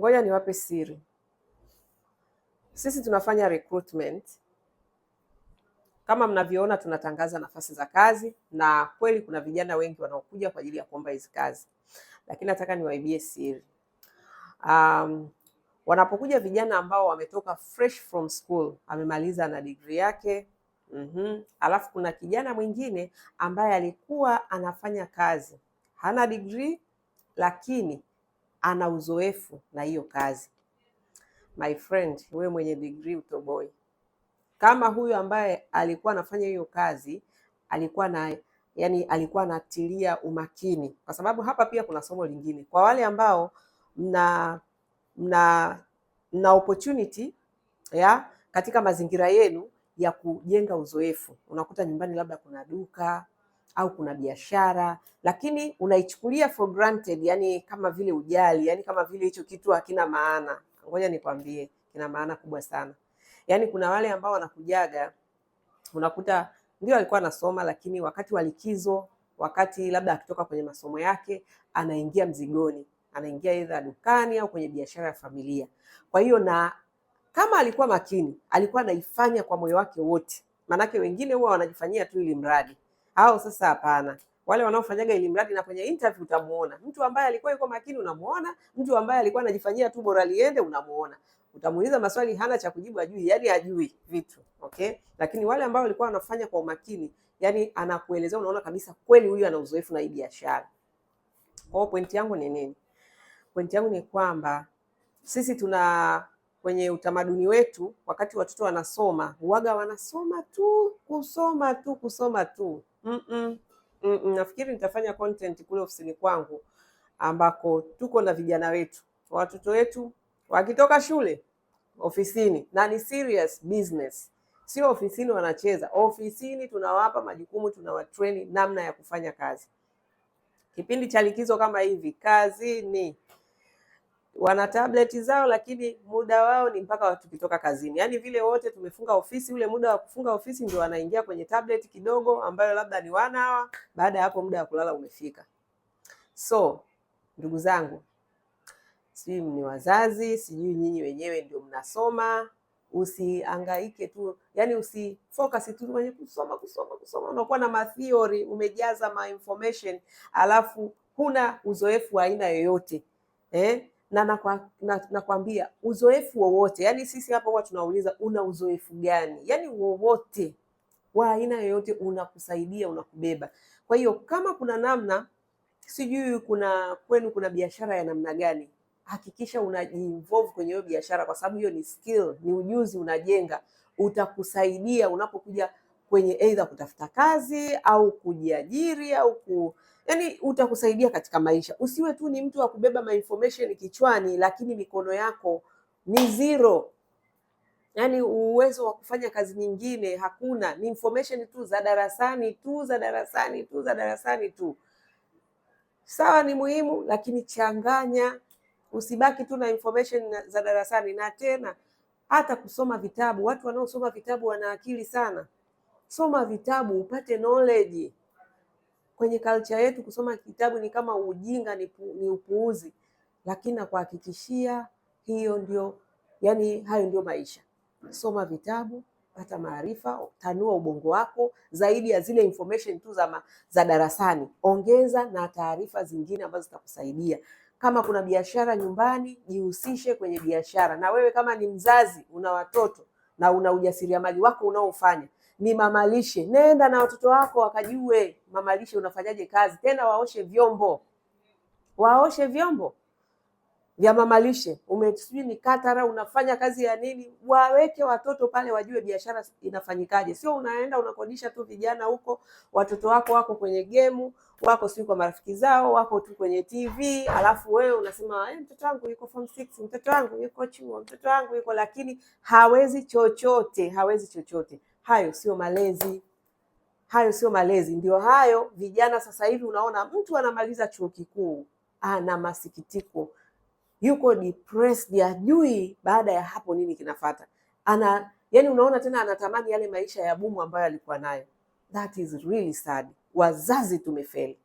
Ngoja niwape siri. Sisi tunafanya recruitment kama mnavyoona, tunatangaza nafasi za kazi na kweli kuna vijana wengi wanaokuja kwa ajili ya kuomba hizi kazi, lakini nataka niwaibie siri. Um, wanapokuja vijana ambao wametoka fresh from school, amemaliza na degree yake mm -hmm. Alafu kuna kijana mwingine ambaye alikuwa anafanya kazi hana degree, lakini ana uzoefu na hiyo kazi. My friend, wewe mwenye degree utoboi, kama huyu ambaye alikuwa anafanya hiyo kazi alikuwa na yani, alikuwa anatilia umakini, kwa sababu hapa pia kuna somo lingine kwa wale ambao mna mna na opportunity ya katika mazingira yenu ya kujenga uzoefu. Unakuta nyumbani labda kuna duka au kuna biashara, lakini unaichukulia for granted, yani kama vile ujali, yani kama vile hicho kitu hakina maana. Ngoja nikwambie, kina maana kubwa sana. Yani kuna wale ambao wanakujaga, unakuta ndio alikuwa anasoma, lakini wakati wa likizo, wakati labda akitoka kwenye masomo yake, anaingia mzigoni, anaingia aidha dukani au kwenye biashara ya familia. Kwa hiyo na kama alikuwa makini, alikuwa anaifanya kwa moyo wake wote, maanake wengine huwa wanajifanyia tu ili mradi au sasa hapana. Wale wanaofanyaga ili mradi na kwenye interview utamuona mtu ambaye alikuwa yuko makini, unamuona mtu ambaye alikuwa anajifanyia tu bora liende, unamuona utamuuliza maswali hana cha kujibu, ajui yani ajui vitu okay. Lakini wale ambao walikuwa wanafanya kwa umakini, yani anakuelezea, unaona kabisa kweli huyu ana uzoefu na hii biashara. Kwa hiyo pointi yangu ni nini? Pointi yangu ni kwamba sisi tuna kwenye utamaduni wetu, wakati watoto wanasoma, huaga wanasoma tu kusoma tu kusoma tu mm -mm. Mm -mm. Nafikiri nitafanya content kule ofisini kwangu ambako tuko na vijana wetu, watoto wetu wakitoka shule ofisini, na ni serious business, sio ofisini wanacheza. Ofisini tunawapa majukumu, tunawatreni namna ya kufanya kazi. Kipindi cha likizo kama hivi kazini wana tableti zao, lakini muda wao ni mpaka tukitoka kazini. Yaani vile wote tumefunga ofisi, ule muda wa kufunga ofisi ndio wanaingia kwenye tablet kidogo, ambayo labda ni wana hawa. Baada ya hapo muda wa kulala umefika. So ndugu zangu, sijui ni wazazi, sijui nyinyi wenyewe ndio mnasoma Usiangaike tu yani, usifocus tu kwenye kusoma kusoma kusoma. Unakuwa na matheory umejaza ma information, alafu huna uzoefu wa aina yoyote eh? na nakwambia na, na uzoefu wowote, yani sisi hapa huwa tunauliza una uzoefu gani? Yani wowote wa aina yoyote unakusaidia, unakubeba. Kwa hiyo kama kuna namna, sijui kuna kwenu kuna biashara ya namna gani, hakikisha unajiinvolve kwenye hiyo biashara, kwa sababu hiyo ni skill, ni ujuzi unajenga, utakusaidia unapokuja kwenye aidha kutafuta kazi au kujiajiri au ku yani, utakusaidia katika maisha. Usiwe tu ni mtu wa kubeba mainformation kichwani, lakini mikono yako ni zero, yani uwezo wa kufanya kazi nyingine hakuna, ni information tu za darasani tu za darasani tu za darasani tu. Sawa, ni muhimu, lakini changanya, usibaki tu na information za darasani. Na tena hata kusoma vitabu, watu wanaosoma vitabu wana akili sana soma vitabu upate knowledge. Kwenye culture yetu kusoma kitabu ni kama ujinga, ni, pu, ni upuuzi, lakini nakuhakikishia hiyo ndio, yani hayo ndio maisha. Soma vitabu, pata maarifa, tanua ubongo wako zaidi ya zile information tu za, za darasani. Ongeza na taarifa zingine ambazo zitakusaidia. Kama kuna biashara nyumbani, jihusishe kwenye biashara. Na wewe kama ni mzazi una watoto na una ujasiriamali wako unaofanya, ni mamalishe. Nenda na watoto wako wakajue mamalishe unafanyaje kazi, tena waoshe vyombo, waoshe vyombo vya mamalishe. Umesijui ni katara, unafanya kazi ya nini? Waweke watoto pale wajue biashara inafanyikaje, sio unaenda unakodisha tu vijana huko, watoto wako wako kwenye gemu, wako sijui kwa marafiki zao, wako tu kwenye TV, alafu wewe unasema eh, mtoto wangu yuko form 6, mtoto wangu yuko chuo, mtoto wangu yuko, lakini hawezi chochote, hawezi chochote. Hayo sio malezi, hayo sio malezi. Ndio hayo vijana sasa hivi unaona mtu anamaliza chuo kikuu ana masikitiko, yuko depressed, hajui baada ya hapo nini kinafata. Ana yani, unaona tena anatamani yale maisha ya bumu ambayo alikuwa nayo. That is really sad. Wazazi tumefeli,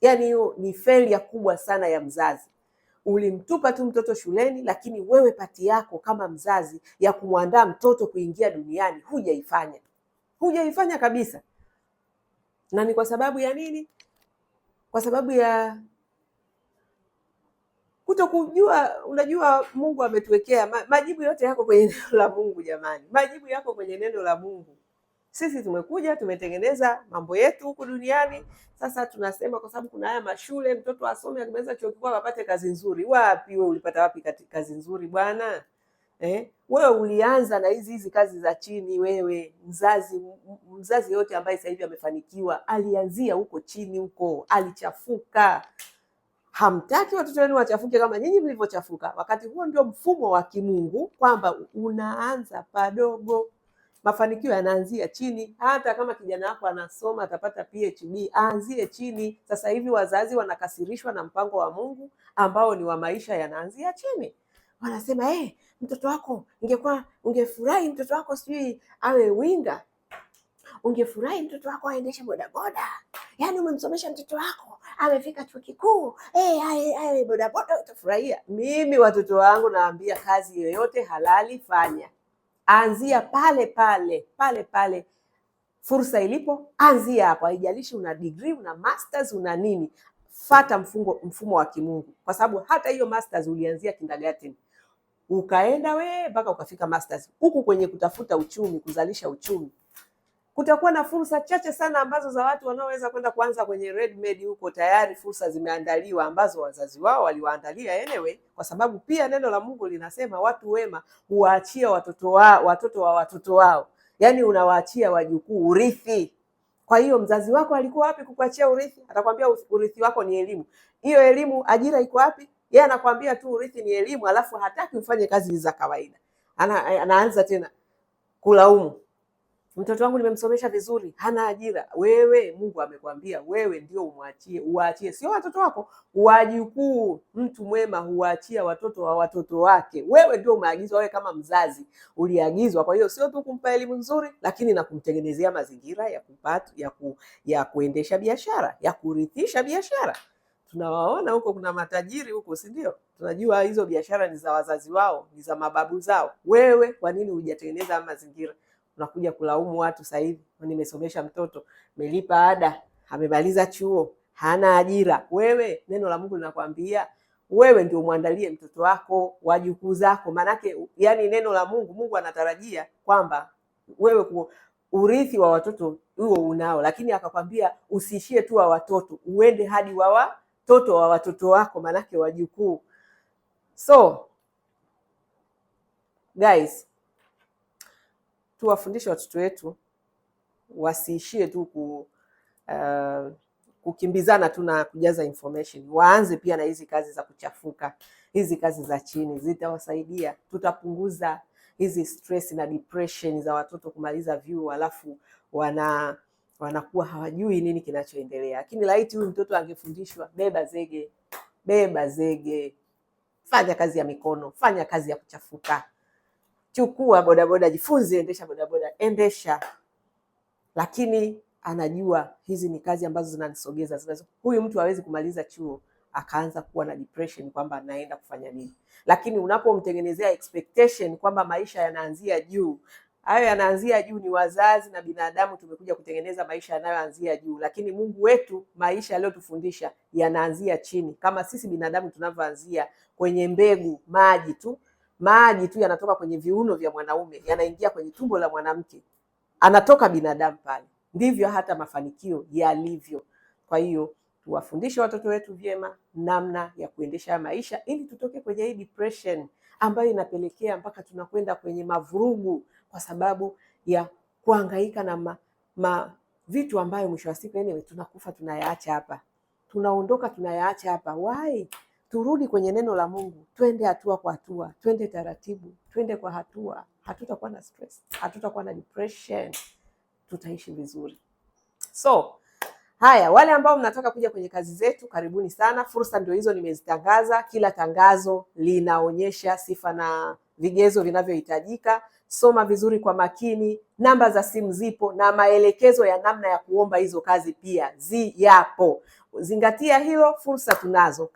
yani hiyo ni failure kubwa sana ya mzazi ulimtupa tu mtoto shuleni, lakini wewe pati yako kama mzazi ya kumwandaa mtoto kuingia duniani hujaifanya, hujaifanya kabisa. Na ni kwa sababu ya nini? Kwa sababu ya kuto kujua. Unajua, Mungu ametuwekea majibu yote yako kwenye neno la Mungu. Jamani, majibu yako kwenye neno la Mungu. Sisi tumekuja tumetengeneza mambo yetu huku duniani. Sasa tunasema kwa sababu kuna haya mashule, mtoto asome, akimaliza chuo kikuu apate kazi nzuri. Wapi wewe ulipata wapi kazi nzuri bwana? Eh, wewe ulianza na hizi hizi kazi za chini. Wewe mzazi, mzazi yote ambaye sasa hivi amefanikiwa alianzia huko chini, huko alichafuka. Hamtaki watoto wenu wachafuke kama nyinyi mlivyochafuka. Wakati huo ndio mfumo wa Kimungu kwamba unaanza padogo. Mafanikio yanaanzia chini. Hata kama kijana wako anasoma atapata PhD, aanzie chini. Sasa hivi wazazi wanakasirishwa na mpango wa Mungu ambao ni wa maisha yanaanzia chini. Wanasema hey, eh, mtoto wako ingekuwa, ungefurahi mtoto wako sijui awe winga, ungefurahi mtoto wako aendeshe bodaboda. Yaani umemsomesha mtoto wako amefika chuo kikuu, hey, eh, bodaboda, utafurahia. Mimi watoto wangu nawambia kazi yoyote halali fanya anzia pale pale pale pale fursa ilipo, anzia hapo. Haijalishi una degree, una masters, una nini, fata mfungo, mfumo wa kimungu, kwa sababu hata hiyo masters ulianzia kindergarten ukaenda we mpaka ukafika masters. Huku kwenye kutafuta uchumi, kuzalisha uchumi, kutakuwa na fursa chache sana ambazo za watu wanaoweza kwenda kuanza kwenye RedMed huko, tayari fursa zimeandaliwa ambazo wazazi wao waliwaandalia anyway, kwa sababu pia neno la Mungu linasema watu wema huwaachia watoto wa watoto wa watoto wao, yaani unawaachia wajukuu urithi. Kwa hiyo mzazi wako alikuwa wapi kukuachia urithi? Atakwambia urithi wako ni elimu. Hiyo elimu, ajira iko wapi? Yeye anakwambia tu urithi ni elimu, alafu hataki ufanye kazi za kawaida. Ana, anaanza tena kulaumu mtoto wangu nimemsomesha vizuri, hana ajira. Wewe Mungu amekwambia wewe ndio umwachie, uwaachie, sio watoto wako, wajukuu. Mtu mwema huwaachia watoto wa watoto wake. Wewe ndio umeagizwa, wewe kama mzazi uliagizwa. Kwa hiyo sio tu kumpa elimu nzuri, lakini na kumtengenezea mazingira ya kupata, ya, ku, ya kuendesha biashara, ya kurithisha biashara. Tunawaona huko kuna matajiri huko, si ndio? Tunajua hizo biashara ni za wazazi wao, ni za mababu zao. Wewe kwa nini hujatengeneza mazingira tunakuja kulaumu watu sasa hivi, nimesomesha mtoto, melipa ada, amemaliza chuo, hana ajira. Wewe neno la Mungu linakwambia wewe ndio umwandalie mtoto wako, wajukuu zako, maanake yani neno la Mungu, Mungu anatarajia kwamba wewe ku, urithi wa watoto huo unao, lakini akakwambia usiishie tu wa watoto, uende hadi wa watoto wa watoto wako, maanake wajukuu. So guys tuwafundishe watoto wetu wasiishie tu ku, uh, kukimbizana tu na kujaza information, waanze pia na hizi kazi za kuchafuka, hizi kazi za chini zitawasaidia. Tutapunguza hizi stress na depression za watoto kumaliza vyuo alafu wana wanakuwa hawajui nini kinachoendelea. Lakini laiti huyu mtoto angefundishwa, beba zege, beba zege, fanya kazi ya mikono, fanya kazi ya kuchafuka chukua bodaboda, jifunze, endesha bodaboda, endesha. Lakini anajua hizi ni kazi ambazo zinanisogeza zinazo. Huyu mtu hawezi kumaliza chuo akaanza kuwa na depression kwamba anaenda kufanya nini, lakini unapomtengenezea expectation kwamba maisha yanaanzia juu hayo yanaanzia juu. Ni wazazi na binadamu tumekuja kutengeneza maisha yanayoanzia juu, lakini Mungu wetu maisha aliyotufundisha yanaanzia chini, kama sisi binadamu tunavyoanzia kwenye mbegu, maji tu maji tu yanatoka kwenye viuno vya mwanaume yanaingia kwenye tumbo la mwanamke, anatoka binadamu pale. Ndivyo hata mafanikio yalivyo. Kwa hiyo tuwafundishe watoto wetu vyema namna ya kuendesha maisha, ili tutoke kwenye hii depression ambayo inapelekea mpaka tunakwenda kwenye mavurugu kwa sababu ya kuangaika na ma, ma vitu ambayo mwisho wa siku anyway, tunakufa tunayaacha hapa, tunaondoka tunayaacha hapa. Why? turudi kwenye neno la Mungu, twende hatua kwa hatua, twende taratibu, twende kwa hatua. Hatutakuwa na stress, hatutakuwa na depression, tutaishi vizuri. So haya, wale ambao mnataka kuja kwenye kazi zetu, karibuni sana. Fursa ndio hizo nimezitangaza. Kila tangazo linaonyesha sifa na vigezo vinavyohitajika. Soma vizuri kwa makini, namba za simu zipo na maelekezo ya namna ya kuomba hizo kazi pia ziyapo. Zingatia hilo, fursa tunazo.